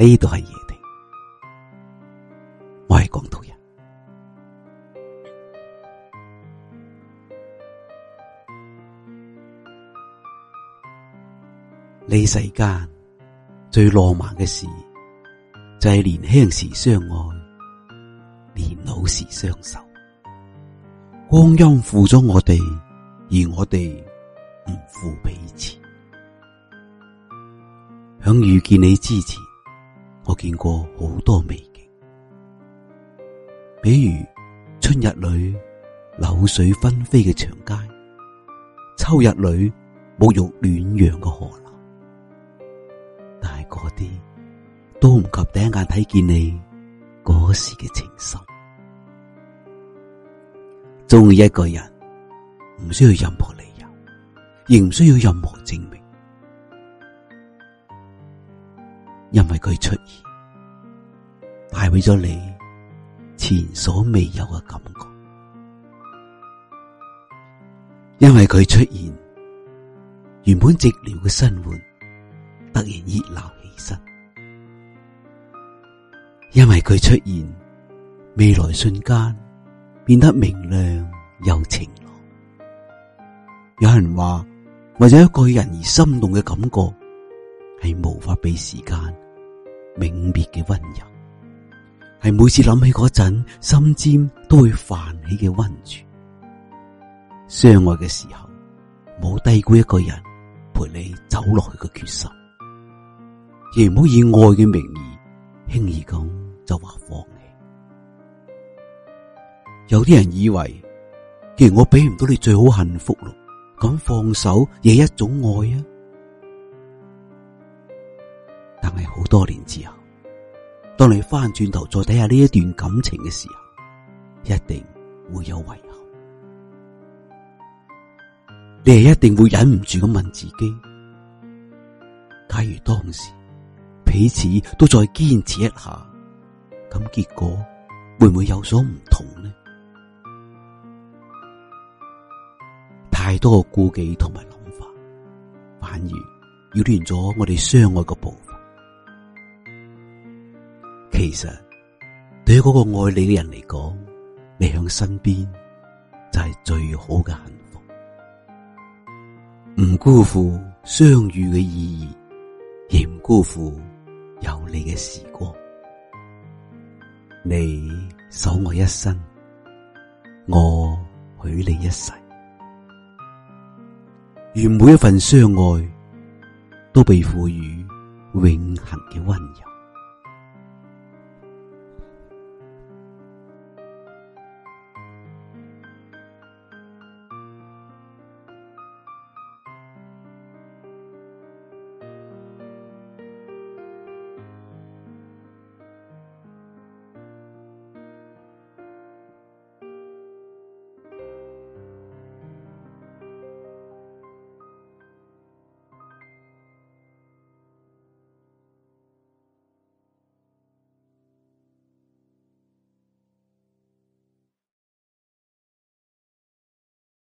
呢度係夜定，我係廣東人。呢世間最浪漫嘅事，就係年輕時相愛，年老時相守。光陰負咗我哋，而我哋唔負彼此。響遇見你之前，我見過好多美景，比如春日裏柳絮紛飛嘅長街，秋日裏沐浴暖陽嘅河流，但係嗰啲都唔及第一眼睇見你嗰時嘅情深。中意一個人，唔需要任何理由，亦唔需要任何證明。因為佢出現，帶俾咗你前所未有嘅感覺。因為佢出現，原本寂寥嘅生活突然熱鬧起身。因為佢出現，未來瞬間變得明亮又晴朗。有人話，為咗一個人而心動嘅感覺，係無法被時間泯滅嘅溫柔，係每次諗起嗰陣心尖都會泛起嘅溫泉。相愛嘅時候，冇低估一個人陪你走落去嘅決心，亦唔好以愛嘅名義輕易咁就話放棄。有啲人以為，既然我俾唔到你最好幸福咯，咁放手亦一種愛啊！但係好多年之後，當你翻轉頭再睇下呢一段感情嘅時候，一定會有遺憾。你係一定會忍唔住咁問自己：假如當時彼此都再堅持一下，咁結果會唔會有所唔同呢？太多嘅顧忌同埋諗法，反而擾亂咗我哋相愛嘅步。其實，對於嗰個愛你嘅人嚟講，你喺身邊就係最好嘅幸福，唔辜負相遇嘅意義，亦唔辜負有你嘅時光。你守我一生，我許你一世，願每一份相愛都被賦予永恆嘅溫柔。